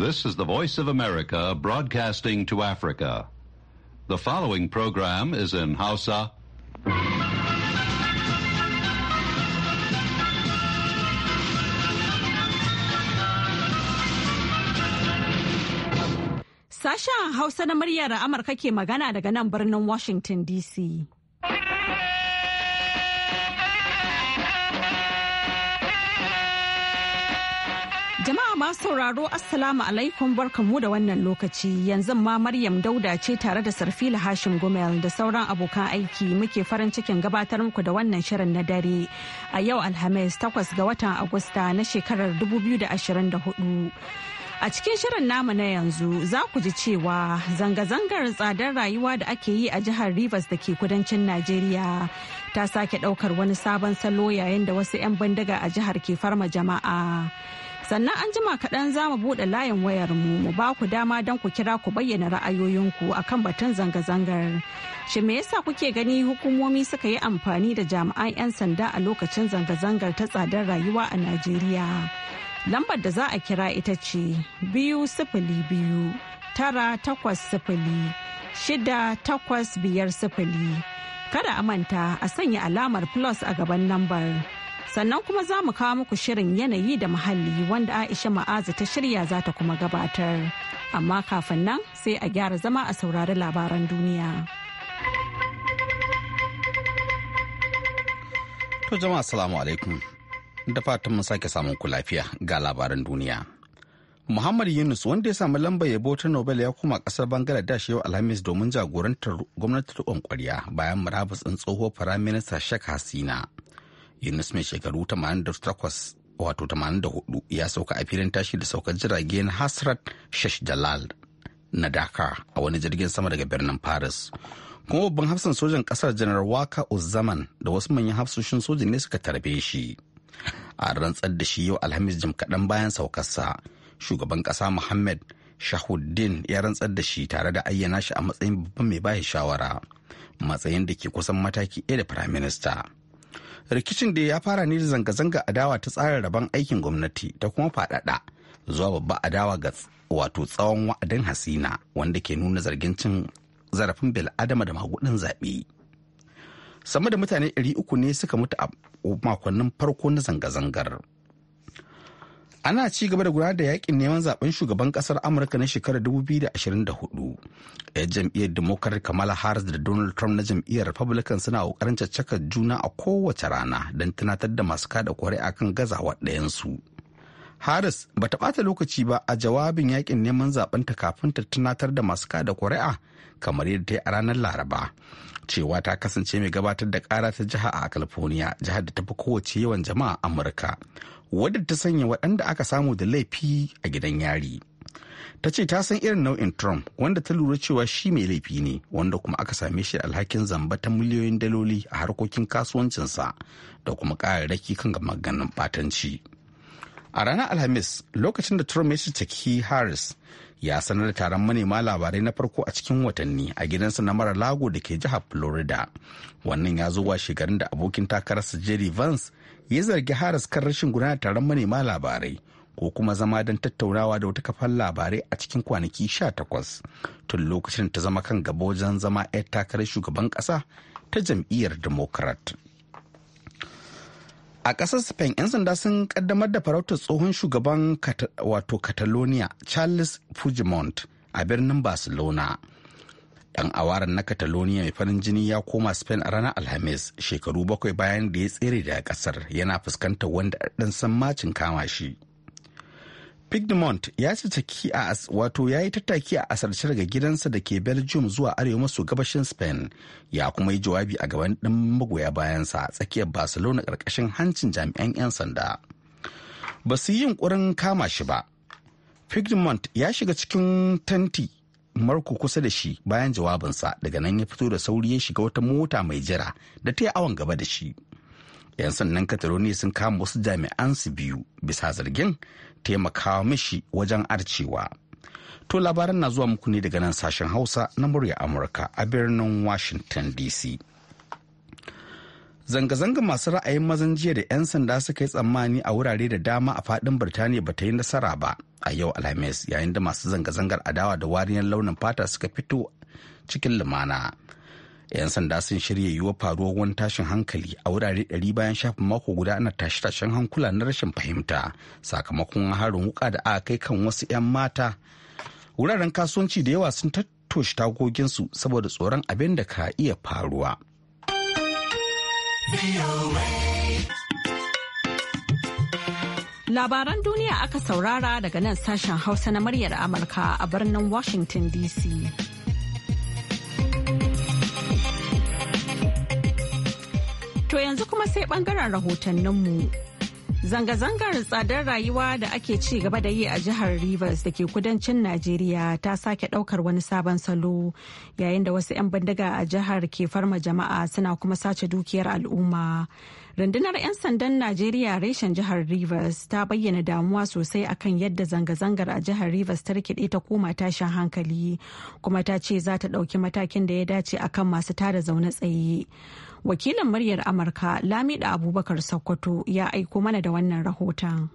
This is the Voice of America broadcasting to Africa. The following program is in Hausa. Sasha Hausa na muryar Amurka ke magana daga nan birnin Washington DC. sauraro Assalamu alaikum barkamu da wannan lokaci yanzu ma Maryam Dauda ce tare da Sarfila Hashim gomel da sauran abokan aiki muke farin cikin gabatar muku da wannan shirin na dare a yau Alhamis takwas ga watan Agusta na shekarar 2024. A cikin shirin namu na yanzu za ku ji cewa zanga-zangar tsadar rayuwa da ake yi a jihar Rivers da ke kudancin Najeriya ta sake ɗaukar wani sabon salo yayin da wasu 'yan bindiga a jihar ke farma jama'a. sannan an jima kaɗan za mu buɗe layin wayar mu mu ba ku dama don ku kira ku bayyana ra'ayoyinku akan batun zanga-zangar shi me yasa kuke gani hukumomi suka yi amfani da jami'an 'yan sanda a lokacin zanga-zangar ta tsadar rayuwa a najeriya lambar da za a kira ita ce biyu sifili biyu tara takwas sifili shida takwas biyar sifili kada a manta a sanya alamar plus a gaban lambar. sannan kuma za mu kawo muku shirin yanayi da muhalli wanda aisha ma'azu ta shirya za ta kuma gabatar amma kafin nan sai a gyara zama a saurari labaran duniya to jama'a assalamu alaikum da fatan mun sake samun ku lafiya ga labaran duniya muhammad yunus wanda ya samu lambar yabo ta nobel ya koma kasar bangladesh yau alhamis domin jagorantar gwamnatin kwarya bayan murabus tsohuwar tsohuwar minista shek hasina Yunus mai shekaru 88 wato 84 ya sauka a filin tashi da saukar jiragen Hasrat Shesh Jalal na Dakar a wani jirgin sama daga birnin Paris. Kuma babban hafsan sojan kasar janar Waka Uzzaman da wasu manyan hafsoshin sojin ne suka tarbe shi. A rantsar da shi yau Alhamis jim kaɗan bayan saukarsa, shugaban ƙasa Muhammad Shahuddin ya rantsar da shi tare da ayyana shi a matsayin babban mai bashi shawara, matsayin da ke kusan mataki ɗaya da firaminista. rikicin da ya fara ne da zanga-zanga adawa ta tsarin rabon aikin gwamnati ta kuma faɗaɗa zuwa babba adawa ga wato tsawon wa'adin hasina wanda ke nuna zargin cin zarafin bil'adama da magudin zaɓe sama da mutane 300 ne suka mutu a makonnin farko na zanga-zangar ana ci gaba da gudanar da yakin neman zaben shugaban kasar amurka na shekarar 2024 'yan jam'iyyar democrat kamala harris da donald trump na jam'iyyar republican suna kokarin caccaka juna a kowace rana don tunatar da masu kada a kan gazawa ɗayansu harris ba ta bata lokaci ba a jawabin yakin neman zaben ta kafin ta tunatar da masu kada kuri'a kamar yadda ta yi a ranar laraba cewa ta kasance mai gabatar da kara ta jiha a california jihar da ta fi kowace yawan jama'a amurka wadda ta sanya waɗanda aka samu da laifi a gidan yari ta ce ta san irin nau'in trump wanda ta lura cewa shi mai laifi ne wanda kuma aka same shi alhakin zamba ta miliyoyin daloli a harkokin kasuwancinsa da kuma ƙararraki kan maganin ɓatanci a ranar alhamis lokacin da trump ya ciki harris ya sanar da taron manema labarai na farko a cikin watanni a gidansa na mara lago da ke jihar florida wannan ya zo wa shekarun da abokin takararsa jerry vance ya zargi haras kan rashin gudanar taron manema labarai ko kuma zama don tattaunawa da wata kafar labarai a cikin kwanaki 18 tun lokacin ta zama kan gaba wajen zama 'yar takarar shugaban ƙasa ta jam'iyyar democrat a ƙasar spain 'yan sanda sun kaddamar da farautar tsohon shugaban wato catalonia charles fujimont a birnin barcelona dan awaran na catalonia mai farin jini ya koma spain a ranar alhamis shekaru bakwai bayan da ya tsere daga kasar yana fuskantar wanda dan macin kama shi Pigdemont ya ci a wato ya yi tattaki a asarci daga gidansa da ke belgium zuwa arewa maso gabashin spain ya kuma yi jawabi a gaban ɗin magoya bayansa tsakiyar barcelona ƙarƙashin hancin jami'an 'yan sanda ba su yi yunkurin kama shi ba Pigdemont ya shiga cikin tanti marko kusa da shi bayan jawabinsa daga nan ya fito da sauri ya shiga wata mota mai jira da ta yi awon gaba da shi yan sannan kataloni sun kama wasu jami'an su biyu bisa zargin taimakawa mishi wajen arcewa to labaran na zuwa muku ne daga nan sashen hausa na murya amurka a birnin washington dc zanga-zanga masu ra'ayin mazan jiya da 'yan sanda suka yi tsammani a wurare da dama a fadin birtaniya ba ta yi nasara ba a yau alhamis yayin da masu zanga-zangar adawa da wariyar launin fata suka fito cikin lumana 'yan sanda sun shirya yiwa faruwar wani tashin hankali a wurare ɗari bayan shafin mako guda ana tashe-tashen hankula na rashin fahimta sakamakon harin wuka da aka kai kan wasu 'yan mata wuraren kasuwanci da yawa sun tattoshi tagoginsu saboda tsoron abin da ka iya faruwa Labaran duniya aka saurara daga nan sashen Hausa na muryar Amurka a birnin Washington DC. To yanzu kuma sai bangaren rahotanninmu. Zanga-zangar tsadar rayuwa da ake ci gaba da yi a jihar Rivers da ke kudancin Najeriya ta sake daukar wani sabon salo yayin da wasu 'yan bindiga a jihar ke farma jama'a suna kuma sace dukiyar al'umma. Rundunar 'yan sandan Najeriya reshen jihar Rivers ta bayyana damuwa sosai akan yadda zanga-zangar a jihar Rivers ta rikide ta koma tashin hankali kuma ta ce za ta ɗauki matakin da ya dace akan masu tada zaune tsaye. wakilin muryar amurka lamida abubakar sokoto ya aiko mana da wannan rahoton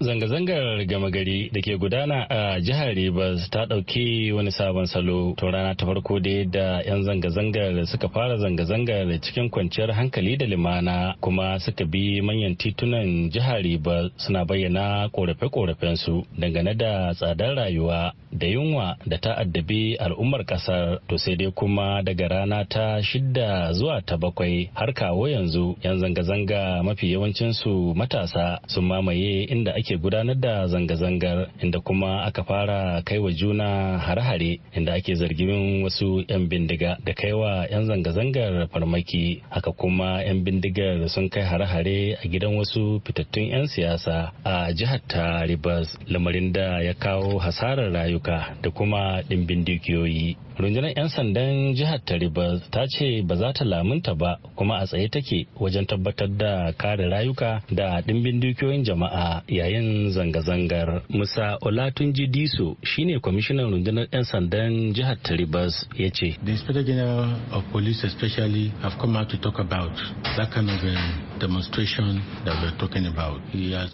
Zanga-zangar gama gari da ke gudana a jihar Rivers ta ɗauki wani sabon salo tun rana ta farko dai da 'yan zanga-zangar suka fara zanga-zangar cikin kwanciyar hankali da limana kuma suka bi manyan titunan jihar Rivers suna bayyana ƙorafe-ƙorafe korafensu dangane da tsadar rayuwa da yunwa da ta addabi al'ummar ƙasar to sai dai kuma daga rana ta shidda zuwa ta bakwai har kawo yanzu 'yan zanga-zanga mafi yawancinsu matasa sun mamaye inda ake ke gudanar da zanga-zangar inda kuma aka fara kai wa juna hare-hare inda ake zargin wasu 'yan bindiga da kai wa 'yan zanga-zangar farmaki haka kuma 'yan bindigar sun kai hare-hare a gidan wasu fitattun 'yan siyasa a jihar ta ribas lamarin da ya kawo hasarar rayuka da kuma ɗimbin dukiyoyi. rundunar 'yan sandan jihar ta ribas ta ce ba za ta lamunta ba kuma a tsaye take wajen tabbatar da kare rayuka da ɗimbin dukiyoyin jama'a yayin yin zanga-zangar. Musa Olatunji Diso shine kwamishinan rundunar 'yan sandan jihar Taribas ya ce. The Inspector General of Police especially have come out to talk about that kind of um, demonstration that we're talking about.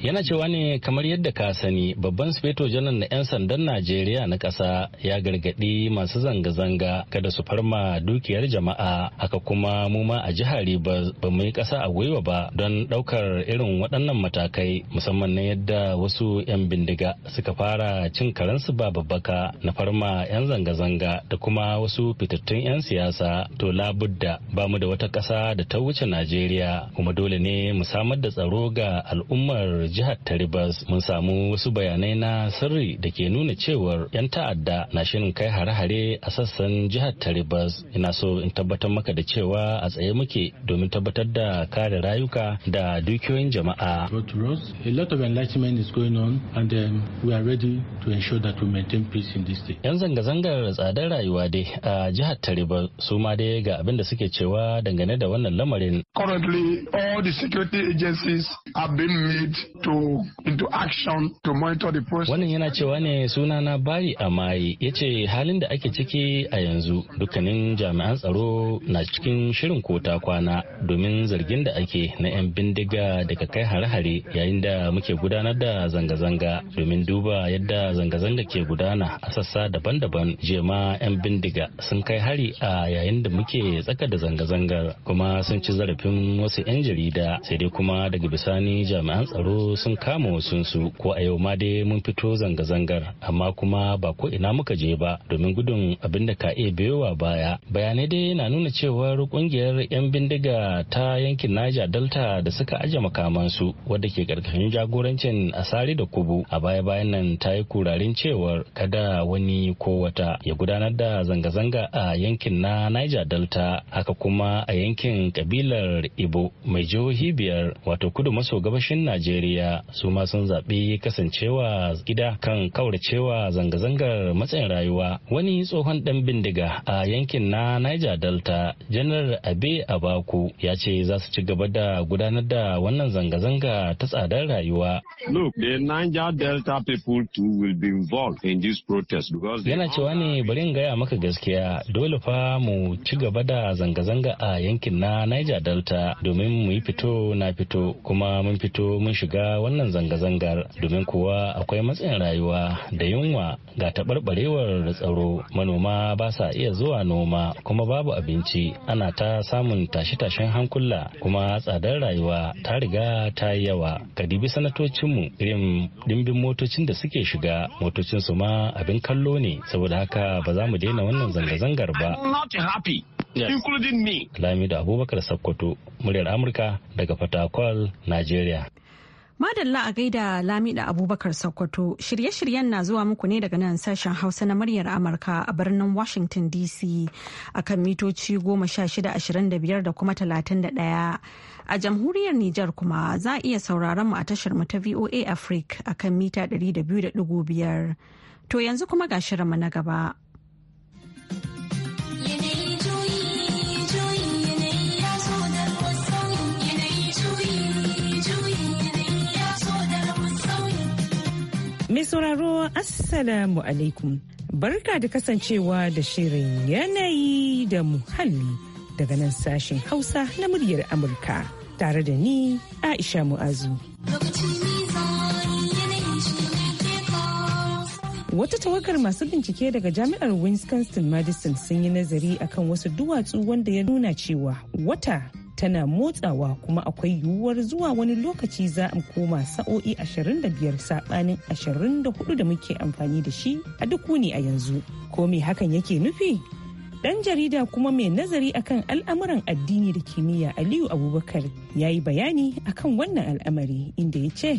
Yana cewa ne kamar yadda ka sani babban sufeto janar na 'yan sandan Najeriya na ƙasa ya gargaɗi masu zanga-zanga kada su farma dukiyar jama'a haka kuma mu ma a jihar ba mu yi ƙasa a gwiwa ba don ɗaukar irin waɗannan matakai musamman na yadda wasu 'yan bindiga suka fara cin karensu ba babbaka na farma 'yan zanga-zanga da kuma wasu fitattun 'yan siyasa to labudda ba mu da wata ƙasa da ta wuce Najeriya kuma dole dole ne mu samar da tsaro ga al'ummar jihar taribas mun samu wasu bayanai na sirri da ke nuna cewar 'yan ta'adda na shirin kai hare-hare a sassan jihar taribas ina so in tabbatar maka da cewa a tsaye muke domin tabbatar da kare rayuka da dukiyoyin jama'a yan zanga-zangar tsadar rayuwa dai a jihar taribas su ma dai ga abin da suke cewa dangane da wannan lamarin currently all all the security agencies have been made to into action to monitor the process. Wannan yana cewa ne suna na Bari Amayi ya ce halin da ake ciki a yanzu dukkanin jami'an tsaro na cikin shirin kota kwana domin zargin da ake na 'yan bindiga daga kai hare-hare yayin da muke gudanar da zanga-zanga domin duba yadda zanga-zanga ke gudana a sassa daban-daban jema 'yan bindiga sun kai hari a yayin da muke tsaka da zanga zanga kuma sun ci zarafin wasu 'yan jarida gida sai dai kuma daga bisani jami'an tsaro sun kama wasunsu ko a yau ma dai mun fito zanga-zangar amma kuma ba ko ina muka je ba domin gudun abin da ka iya biyowa baya bayanai dai na nuna cewar kungiyar 'yan bindiga ta yankin niger delta da suka aje makamansu wadda ke karkashin jagorancin asari da kubu a baya-bayan nan ta yi kurarin cewar kada wani ko wata ya gudanar da zanga-zanga a yankin na niger delta haka kuma a yankin kabilar ibo mai jihohi biyar wato kudu maso gabashin najeriya su ma sun zaɓi kasancewa gida kan kauracewa zanga-zangar matsayin rayuwa wani tsohon ɗan bindiga a yankin na niger delta janar abe abaku ya ce za su ci gaba da gudanar da wannan zanga-zanga ta tsadar rayuwa yana cewa ne bari gaya maka gaskiya dole fa mu ci gaba da zanga-zanga a yankin na niger delta domin mu yi fito na fito kuma mun fito mun shiga wannan zanga-zangar domin kuwa akwai matsayin rayuwa da yunwa ga taɓarɓarewar tsaro manoma ba sa iya zuwa noma kuma babu abinci ana ta samun tashe-tashen hankula kuma tsadar rayuwa ta riga ta yi yawa ka dibi sanatocinmu irin dimbin motocin da suke shiga motocin su ma abin kallo ne saboda haka ba za mu daina wannan zanga-zangar ba yes. including me. Lamido Abubakar Sakkwato, muryar Amurka daga Fatakwal, Najeriya. Madalla a gaida Lami da Abubakar Sokoto shirye-shiryen na zuwa muku ne daga nan sashen Hausa na muryar Amurka a birnin Washington DC a kan mitoci goma sha shida 1625 da biyar da kuma talatin da 31. A jamhuriyar Nijar kuma za a iya sauraron mu a tashar mu ta VOA Africa akan mita 200.5. To yanzu kuma ga shirinmu na gaba. Mai sauraro Assalamu alaikum. Barka da kasancewa da shirin yanayi da muhalli daga nan sashen Hausa na muryar Amurka tare da ni Aisha Mu'azu. Wata tawakar masu bincike daga jami'ar Wisconsin Madison sun yi nazari akan wasu duwatsu wanda ya nuna cewa wata tana motsawa kuma akwai yiwuwar zuwa wani lokaci za a koma sa'o'i 25 saɓanin 24 da muke amfani da shi a duk wuni a yanzu ko me hakan yake nufi ɗan jarida kuma mai nazari akan al'amuran addini da kimiyya aliyu abubakar ya yi bayani akan wannan al'amari inda ya ce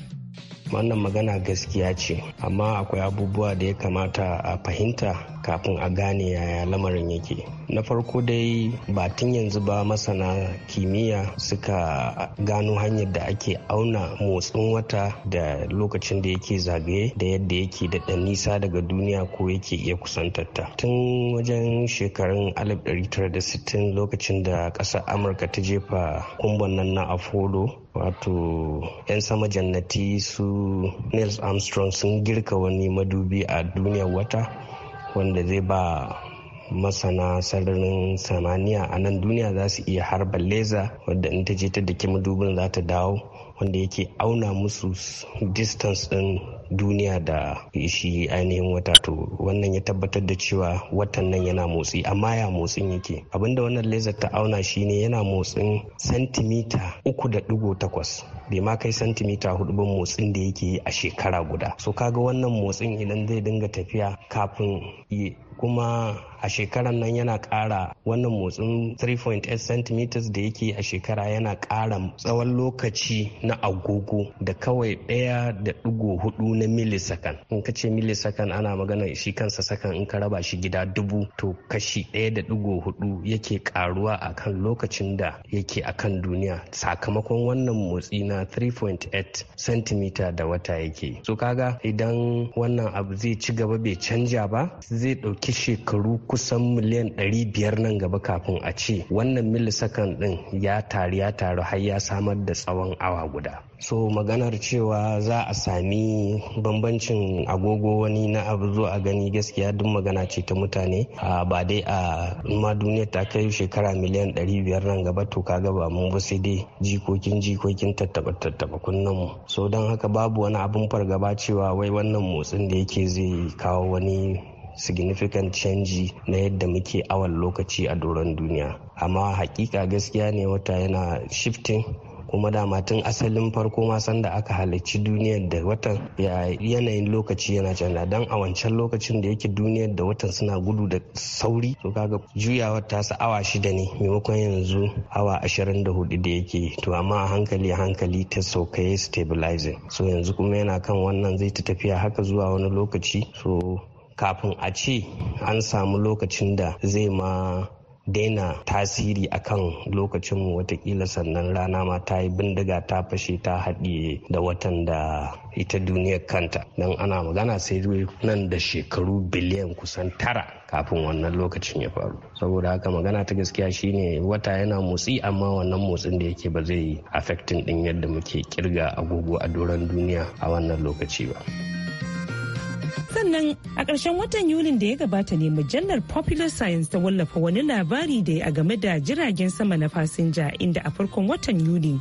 wannan magana gaskiya ce amma akwai abubuwa da ya kamata a fahimta kafin a gane yaya lamarin yake na farko dai ba tun yanzu ba masana kimiyya suka gano hanyar da ake auna motsin wata da lokacin da yake zagaye da yadda yake da nisa daga duniya ko yake iya kusantarta tun wajen shekarun 1960 lokacin da ƙasar amurka ta jefa kumbon nan na afolo wato 'yan sama jannati su Nils Armstrong sun girka wani madubi a duniyar wata wanda zai ba masana sararin samaniya a nan duniya za su iya harba leza wadda in ta je ta daki madubin za ta dawo wanda yake auna musu distance ɗin duniya da shi ainihin wata to wannan ya tabbatar da cewa watan nan yana motsi amma ya motsin yake abinda wannan laser ta auna shine yana motsin santimita 3.8, bai ma kai santimita 4 ban motsin da yake yi a shekara guda so kaga wannan motsin idan zai dinga tafiya kafin kuma a shekaran nan yana ƙara wannan motsin 3.8 cm da yake a shekara yana ƙara tsawon lokaci na agogo da kawai ɗaya da ɗigo hudu na milisakan in ka ce milisakan ana magana shi kansa sakan in ka raba shi gida dubu to kashi ɗaya da ɗigo hudu yake ƙaruwa a kan lokacin da yake a kan duniya sakamakon wannan motsi na 3.8 cm da wata yake so kaga idan wannan abu zai ci gaba bai canja ba zai ɗauki ɗauki shekaru kusan miliyan 500 nan gaba kafin a ce wannan milisakan ɗin ya taru ya taru har ya samar da tsawon awa guda so maganar cewa za a sami bambancin agogo wani na abu zo a gani gaskiya duk magana ce ta mutane ba dai a ma duniya ta kai shekara miliyan 500 nan gaba to kaga ba mun sai dai jikokin jikokin tattaba tattaba kunnen mu so don haka babu wani abin fargaba cewa wai wannan motsin da yake zai kawo wani significant canji na yadda muke awan lokaci a doron duniya amma hakika gaskiya ne wata yana shifting kuma dama tun asalin farko ma sanda aka halarci duniyar da watan yanayin lokaci yana canza don a wancan lokacin da yake duniyar da watan suna gudu da sauri to kaga juyawar ta su awa shida ne maimakon yanzu awa ashirin da hudu da yake to amma a hankali a hankali ta saukaye stabilizing so yanzu kuma yana kan wannan zai ta tafiya haka zuwa wani lokaci so kafin a ce an samu lokacin da zai ma daina tasiri a akan lokacinmu watakila sannan rana ma ta yi bindiga ta fashe ta haɗiye da watan da ita duniya kanta don ana magana sai nan da shekaru biliyan kusan tara kafin wannan lokacin ya faru saboda haka magana ta gaskiya shine wata yana motsi amma wannan motsin da yake ba zai affecting din yadda muke kirga agogo a doron duniya a wannan lokaci ba. sannan a ƙarshen watan yulin da ya gabata ne mujallar popular science ta wallafa wani labari da ya game da jiragen sama na fasinja inda a farkon watan yulin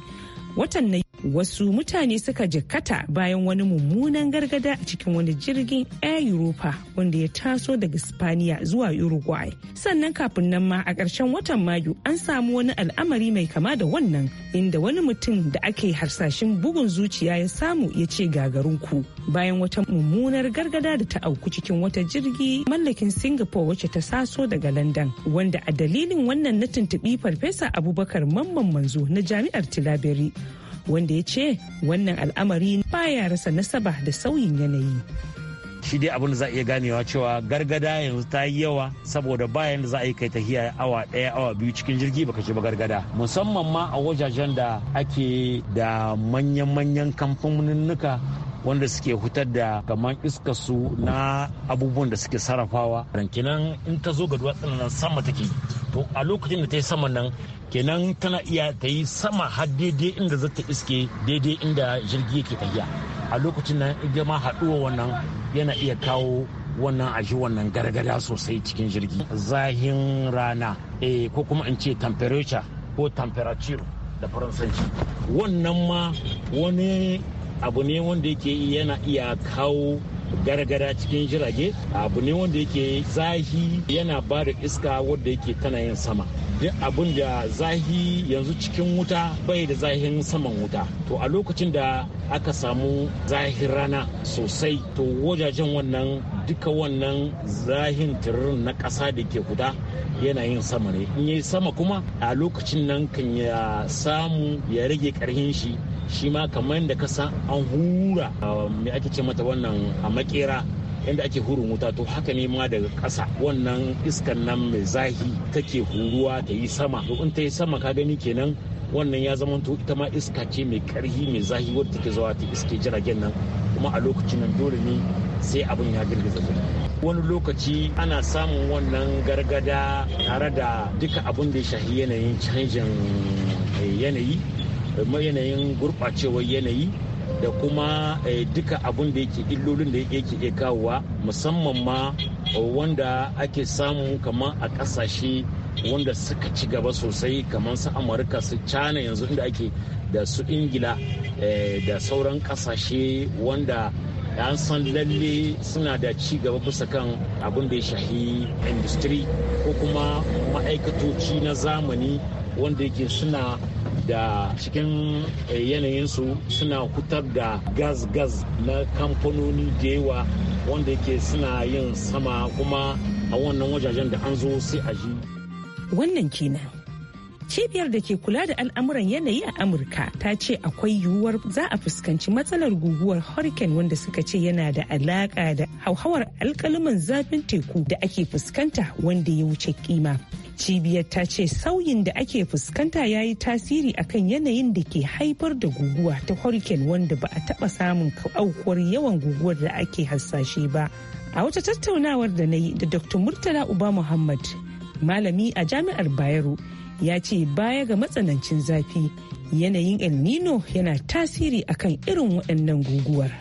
watan na wasu mutane suka jikkata bayan wani mummunan gargada cikin wani jirgin air europa wanda ya taso daga spaniya zuwa uruguay sannan kafin nan ma a ƙarshen watan mayu an samu wani al'amari mai kama da wannan inda wani mutum da ake harsashin bugun zuciya ya samu ya ce gagarinku bayan wata mummunar gargada da ta auku cikin wata jirgi mallakin singapore wacce ta saso daga Landan wanda a dalilin wannan na tuntuɓi farfesa abubakar mamman manzo na jami'ar tilaberi wanda ya ce wannan al'amari baya rasa nasaba da sauyin yanayi. shi dai abin da za a iya ganewa cewa gargada yanzu ta yi yawa saboda bayan da za a yi kai tahiya awa daya awa biyu cikin jirgi baka ce ba gargada musamman ma a wajajen da ake da manyan-manyan nuka wanda suke hutar da kamar iska su na abubuwan da suke sarrafawa rankinan in ta zo ga duwatsun nan sama take to a lokacin da ta yi sama nan kenan tana iya ta yi sama har daidai inda za ta iske daidai inda jirgi yake tafiya a lokacin nan ita ma haɗuwa wannan yana iya kawo wannan aji wannan gargada sosai cikin jirgi zahin rana eh ko kuma in ce temperature ko temperature da faransanci wannan ma wani abu ne wanda yake yana iya kawo gargara cikin jirage abu ne wanda yake zahi yana ba da iska wanda yake tana yin sama duk abin da zahi yanzu cikin wuta bai da zahin saman wuta to a lokacin da aka samu zahin rana sosai to wajajen wannan duka wannan zahin tirin na ƙasa da ke guda yana yin sama ne in yi sama kuma a lokacin nan kan ya samu ya rage ƙarhin shi shi ma kamar yadda ka san an hura um, me ake ce mata wannan a makera inda ake hurin wuta to haka ne ma daga ƙasa wannan iskan nan mai zahi take huruwa ta yi sama to in ta yi sama ka gani kenan wannan ya zama to ita ma iska ce mai karhi mai zahi wadda take zuwa ta iske jiragen nan kuma a lokacin nan dole ne sai abin ya girgiza wani lokaci ana samun wannan gargada tare da duka abin da ya shahi yanayin canjin eh, yanayi yanayin gurɓacewar yanayi da kuma eh, duka abin da yake illolin da yake iya kawowa musamman ma wanda ake samu kamar a ƙasashe wanda suka ci gaba sosai kamar su amurka su china yanzu inda ake da su ingila eh, da sauran ƙasashe wanda an san lalle suna da ci gaba bisa kan abin da ya shahi industry ko kuma ma'aikatoci na zamani wanda yake suna da cikin eh, yanayinsu suna kutar da gas-gas na kamfanoni da yawa wanda yake suna yin sama kuma a wannan wajajen da an zo sai a ji. Wannan kenan cibiyar da ke kula da al'amuran yanayi a amurka ta ce akwai yiwuwar za a fuskanci matsalar guguwar hurricane wanda suka ce yana da alaka da hauhawar alkaliman zafin teku da ake fuskanta wanda ya wuce kima cibiyar ta ce sauyin da ake fuskanta ya yi tasiri akan yanayin da ke haifar da guguwa ta hurricane wanda ba a taba samun aukuwar yawan guguwar da ake hasashe ba a wata tattaunawar da na yi da dr murtala uba muhammad malami a jami'ar bayero ya ce baya ga matsanancin zafi yanayin el nino yana tasiri akan irin waɗannan guguwar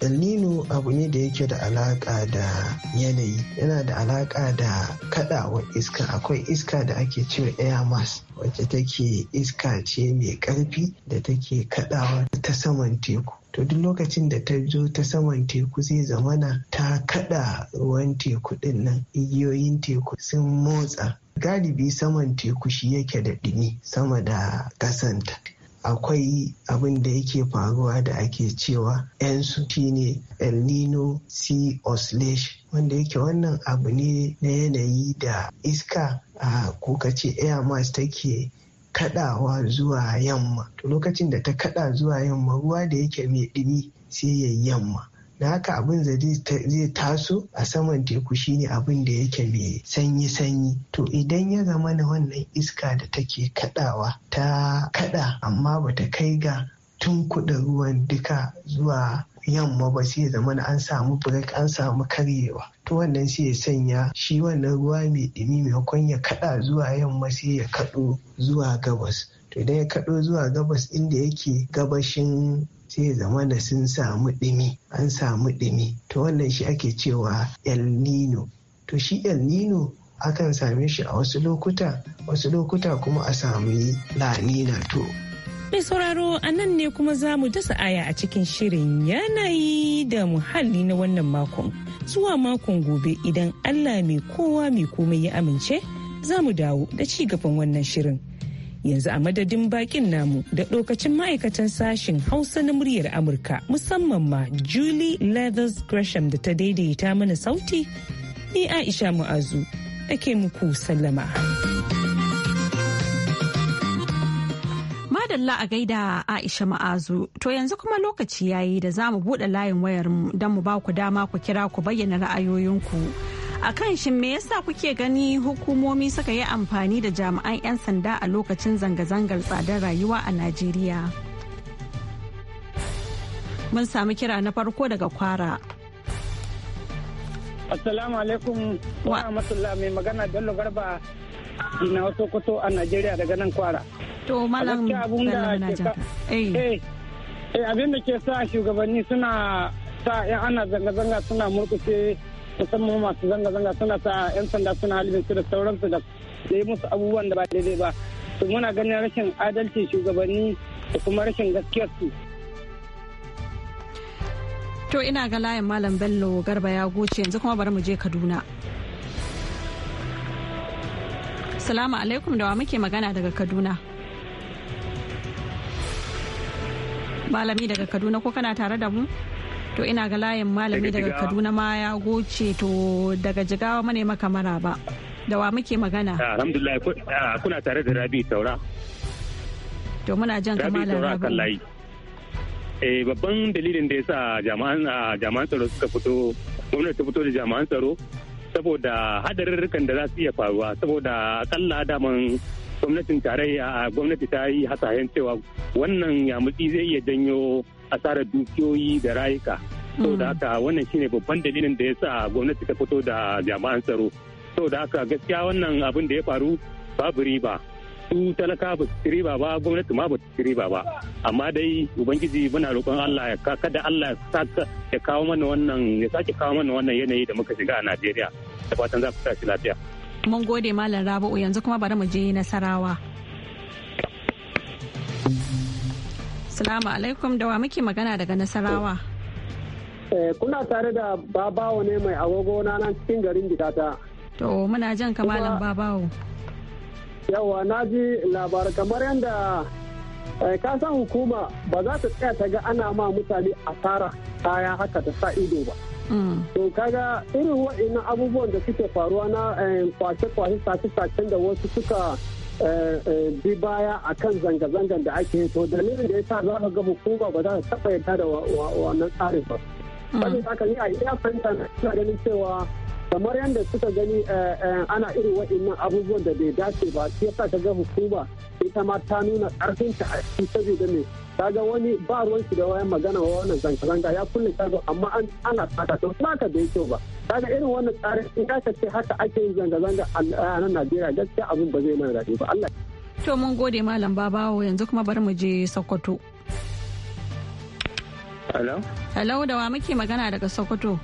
El Nino abu ne da yake da alaka da yanayi yana da alaka da kadawa iska akwai iska da ake cewa air mass wacce take iska ce mai karfi da take kadawa ta saman teku to duk lokacin da ta zo ta saman teku zai zamana ta kada ruwan teku din nan igiyoyin teku sun motsa galibi saman teku shi yake da ɗumi sama da ƙasanta akwai abin da yake faruwa da ake cewa yan su shine el nino sea oscillation wanda yake wannan abu ne na yanayi da iska a kuka ce air mass take kadawa zuwa yamma to lokacin da ta kada zuwa yamma ruwa da yake mai ɗumi sai ya yamma Na haka abin da zai taso a saman teku shine abin da yake mai sanyi-sanyi to idan ya zama na wannan iska da take kadawa ta kada amma bata kai ga tun kuɗa ruwan duka zuwa yamma ba sai zama an samu break an samu karyewa to wannan sai ya sanya shi wannan ruwa mai ɗumi maimakon ya kada zuwa yamma sai ya kaɗo zuwa gabas idan ya kaɗo zuwa gabas inda yake gabashin sai zama da sun samu ɗimi an samu ɗimi to wannan shi ake cewa el nino to shi el nino akan same shi a wasu lokuta wasu lokuta kuma a sami lanina to mai sauraro a nan ne kuma za mu dasa aya a cikin shirin yanayi da muhalli na wannan makon zuwa makon gobe idan allah mai kowa mai komai ya amince za mu dawo da ci gaban wannan shirin. yanzu a madadin bakin namu da ɗokacin ma'aikatan sashen hausa na muryar amurka musamman ma julie leathers gresham da ta daidaita mana sauti ni aisha mu'azu ake muku sallama madalla a gaida aisha ma'azu to yanzu kuma lokaci yayi da za mu buɗe layin wayar mu don mu ba ku dama ku kira ku bayyana ra'ayoyinku. a kan shin me yasa kuke gani hukumomi suka yi amfani da jami'an 'yan sanda a lokacin zanga-zangar tsadar rayuwa a najeriya mun sami kira na farko daga kwara assalamu alaikum wa rahmatullah mai magana bello garba na wasu sokoto a najeriya daga nan kwara to malam bello na jaka eh. Eh, eh abin da ke sa shugabanni suna sa 'yan ana zanga-zanga suna murkushe musamman masu zanga-zanga suna sa 'yan sanda suna halin su da sauransu da yi musu abubuwan da ba daidai ba to muna ganin rashin adalci shugabanni da kuma rashin gaskiyar su to ina ga layin malam bello garba ya goce yanzu kuma bari mu je kaduna salamu alaikum da wa muke magana daga kaduna malami daga kaduna ko kana tare da mu to ina ga layin malami daga kaduna ma ya goce to daga jigawa maka mara ba da wa muke magana ah, alhamdulillah ah, kuna tare da rabi taura to muna jan kamalan rabi eh babban dalilin da yasa jama'an ah, jama'an tsaro suka fito gwamnati ta fito da jama'an tsaro saboda hadarurrukan da za su iya faruwa saboda akalla daman gwamnatin tarayya gwamnati ta yi hasahen cewa wannan yamutsi zai iya janyo asarar dukiyoyi da rayuka da mm. haka wannan shine babban dalilin da ya sa gwamnati ta fito da jami'an tsaro da haka gaskiya wannan abin da ya faru babu riba su talaka ba su riba ba gwamnati ma ba su riba ba amma dai ubangiji muna roƙon Allah ya kada Allah ya kawo mana wannan ya sake kawo mana wannan yanayi da muka shiga a Najeriya da fatan za ku tashi lafiya mun gode malam Rabi'u yanzu kuma bari mu je Nasarawa Salamu alaikum da wa muke magana daga Nasarawa. Eh, kuna tare da babawo ne mai agogo na nan cikin garin gidata. To muna jan kamalan babawo. Yawa na ji labar kamar yadda eh, ka san hukuma ba za ta tsaya ta ga ana ma mutane asara kaya haka ta sa ido ba. Mm. To kaga irin wa'in abubuwan da suke faruwa na eh, kwace-kwace sace-sacen da wasu suka bi baya a kan zanga zangan da ake yi to dalilin da ya sa za ka ga hukuma ba za ta taɓa yadda da wannan tsarin ba. Wani mm. haka ni a iya fahimta na suna ganin cewa kamar yadda suka gani eh, eh, ana irin wa'innan abubuwan da bai dace ba shi ya sa ka ga hukuma ita ma ta nuna ƙarfinta a cikin saboda mai kaga wani ba ruwan shi da wayan magana wa wannan zanga-zanga ya kulle shago amma an ana tsaka to ba ka da kyau ba kaga irin wannan tsari in ka ce haka ake yin zanga-zanga a nan Najeriya gaskiya abin ba zai mana daɗi ba Allah to mun gode malam babawo yanzu kuma bari mu je Sokoto Hello Hello da wa muke magana daga Sokoto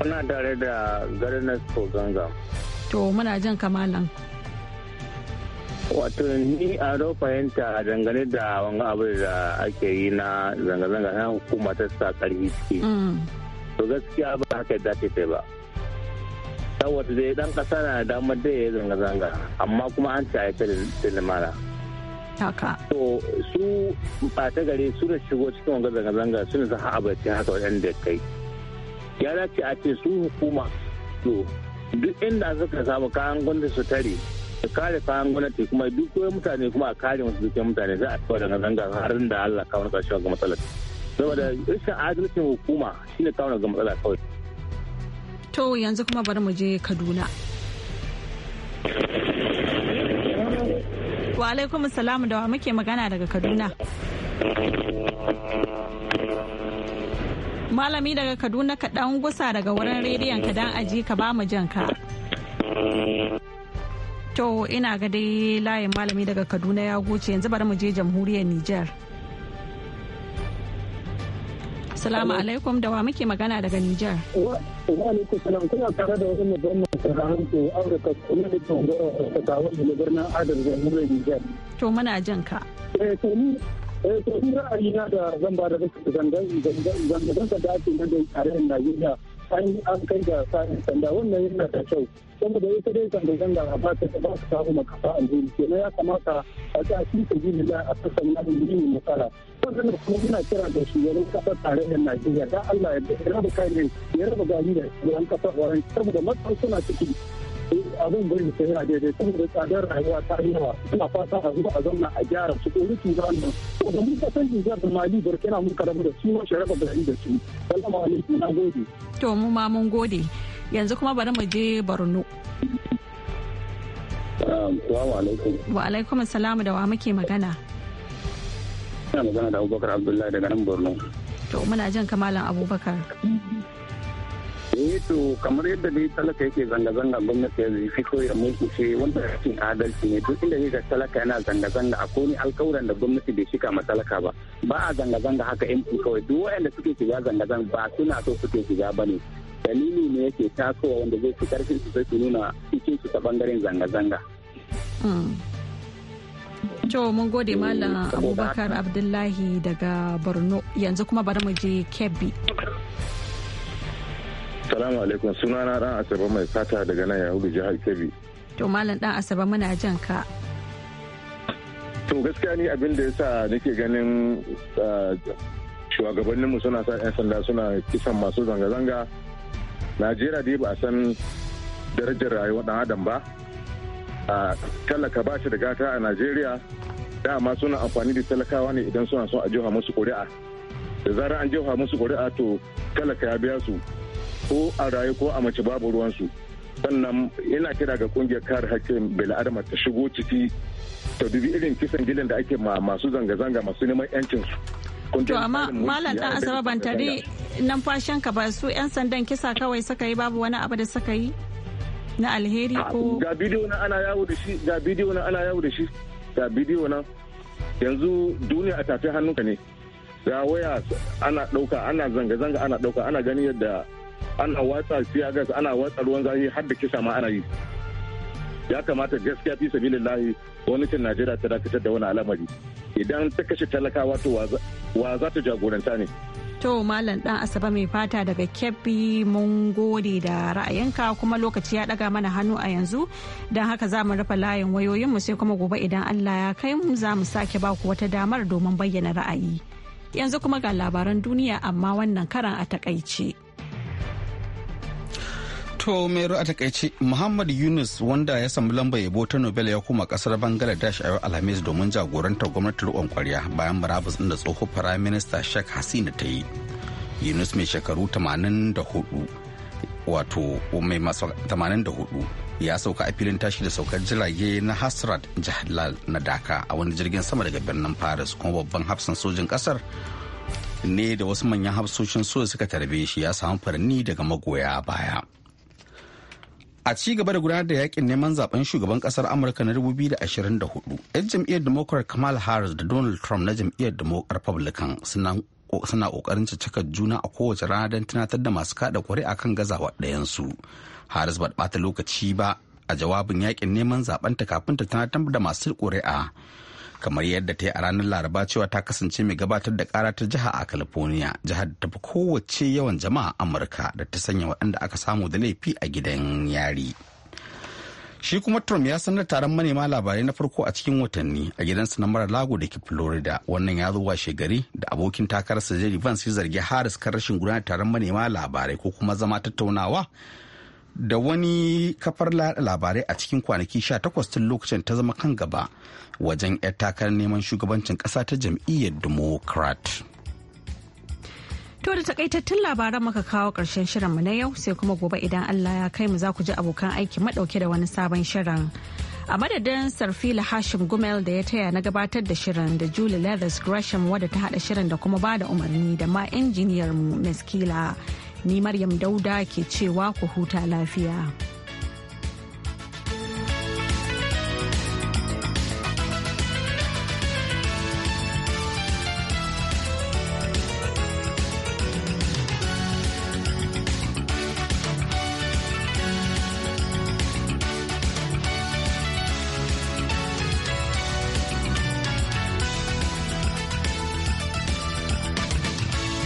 Muna tare da Garnas Koganga To muna jan kamalan. malam wato ni a fahimta dangane da wani abu da ake yi na zanga-zanga na hukuma ta sa karfi ciki mm. to gaskiya ba haka da ta ba saboda dai dan kasa na damar da ya zanga-zanga amma kuma an ta aika da limana to su ba ta gare su da shigo cikin wanga zanga-zanga zaha sa abarci haka ya kai ya dace a ce su hukuma to duk inda suka samu kayan gwamnati su tare da kare kayan gwamnati kuma duk mutane kuma a kare masu dukkan mutane za a kawo daga zanga har da Allah kawo ƙarshen ga matsalar saboda rashin adalcin hukuma shine kawo ga matsala kawai to yanzu kuma bari mu je Kaduna wa alaikum salamu da wa muke magana daga Kaduna malami daga Kaduna ka dan gusa daga wurin rediyon ka dan aji ka ba mu jan ka To ina ga dai layin malami daga Kaduna ya goce yanzu bari mu je jamhuriyar Nijar. Salamu alaikum da wa muke magana daga Nijar. Wa alaikum salam kuna tare da wani babban masararren to Amurka kuma da ke da tawa da birnin Adar jamhuriyar Nijar. To muna jin ka. Eh to ni eh, na da zan ba da zanga zanga da ake nan da tarihin Najeriya an kai ga sa'in sanda wannan yana da kyau saboda ita dai zanga-zanga ba ta ba ta samu makasa a duniya kenan ya kamata a ta cikin sabili da a sassan na duniya masara sannan kuma muna kira da shugaban kasar tarayyar najeriya da allah ya raba kayan ya raba gani da shugaban kasar waran saboda matsan suna ciki abin bai mutum yana daidai saboda tsadar rayuwa ta yawa ina fata a zuwa a zauna a gyara su kori turan ne ko da mun kasan Nijar da Mali Burkina mun karamu da su mun sharafa da da su sallama alaikum na gode to mu ma mun gode yanzu kuma bari mu je Borno Assalamu alaikum. Wa alaikum assalam da wa muke magana. Ina magana da Abubakar Abdullahi daga nan Borno. To muna jan kamalan Abubakar. eh to kamar yadda dai talaka yake zanga-zanga gwamnati ya fi ko ya mulki ce wanda cikin adalci ne duk inda ga talaka yana zanga-zanga a koni alkawuran da gwamnati bai shika ma talaka ba ba a zanga-zanga haka mp kawai duk waɗanda suke shiga zanga-zanga ba suna so suke shiga ba ne dalili ne yake tasowa wanda zai fi karfin su sai su nuna cikin su ta bangaren zanga-zanga. Hmm. To mun gode Malam eh, Abubakar Abdullahi daga Borno yanzu kuma bari mu je Kebbi. Salamu alaikum sunana dan Asabe mai fata daga nan Yahudu jihar Kebbi. To malam dan Asabe muna jan ka. To gaskiya ni abin da yasa nake ganin ah, shugabanninmu suna sa 'yan sanda suna kisan masu zanga-zanga. Najeriya dai ba a san darajar rayuwar dan adam ba. Ah, talaka ba shi da gata a Najeriya dama suna amfani da talakawa ne idan suna son a jiha musu ƙuri'a. Da zarar an jiha musu ƙuri'a to talaka ya biya su ko a raye ko a mace babu ruwansu sannan yana kira ga kungiyar kare hakkin bil'adama ta shigo ciki ta dubi irin kisan gidan da ake masu zanga-zanga masu neman yancinsu. To amma malam dan asaba ban tare numfashin ka ba su 'yan sandan kisa kawai suka yi babu wani abu da suka yi na alheri ko ga bidiyo na ana yawo da shi ga bidiyo na ana yawo da shi ga bidiyo na yanzu duniya a tafi hannunka ne ga waya ana dauka ana zanga-zanga ana dauka ana gani yadda ana watsa gas ana watsa ruwan zafi har da kisa ma ana yi ya kamata gaskiya fi sabilillahi gwamnatin najeriya ta dakatar da wani al'amari idan ta kashe talakawa to wa za ta jagoranta ne to malam dan asaba mai fata daga kebbi mun gode da ra'ayinka kuma lokaci ya daga mana hannu a yanzu don haka za mu rufe layin wayoyinmu sai kuma gobe idan allah ya kai mu za mu sake baku wata damar domin bayyana ra'ayi yanzu kuma ga labaran duniya amma wannan karan a takaice. To mairo a takaice Muhammad Yunus wanda ya samu lambar yabo ta Nobel ya kuma kasar Bangladesh a yau Alhamis domin jagorantar gwamnatin riƙon kwarya bayan murabus da tsohon firaminista Sheikh Hasina ta yi. Yunus mai shekaru 84 wato mai masu 84 ya sauka a filin tashi da saukar jirage na Hasrat Jahlal na Dhaka a wani jirgin sama daga birnin Paris kuma babban hafsan sojin kasar ne da wasu manyan hafsoshin soja suka tarbe shi ya samu furanni daga magoya baya. a ci gaba da gudanar da yakin neman zaben shugaban kasar amurka na 2024 yan jam'iyyar democrat kamal harris da donald trump na jam'iyyar republican suna kokarin cika juna a kowace rana don tunatar da masu kada kuri'a kan gazawa ɗayansu harris ba bata lokaci ba a jawabin yakin neman zaben ta kafin ta tunatar da masu kuri'a kamar yadda ta yi a ranar laraba cewa ta kasance mai gabatar da kara ta jiha a california jihar da tafi kowace yawan jama'a amurka da ta sanya waɗanda aka samu da laifi a gidan yari shi kuma trump ya sanar taron manema labarai na farko a cikin watanni a gidansa na mara lago da ke florida wannan ya zo washe gari da abokin takararsa jerry vance ya zargi harris kan rashin gudanar taron manema labarai ko kuma zama tattaunawa da wani kafar labarai a cikin kwanaki 18 tun lokacin ta zama kan gaba wajen 'yar takarar neman shugabancin ƙasa ta jam'iyyar democrat To da takaitattun labaran muka kawo ƙarshen shirinmu na yau sai kuma gobe idan Allah ya kai mu za ku ji abokan aiki madauke da wani sabon shirin. A madadin Sarfila Hashim Gumel da ya taya na gabatar da shirin da Julie lewis Gresham wadda ta hada shirin da kuma ba da umarni da ma injiniyar mu Ni Maryam Dauda ke cewa ku huta lafiya.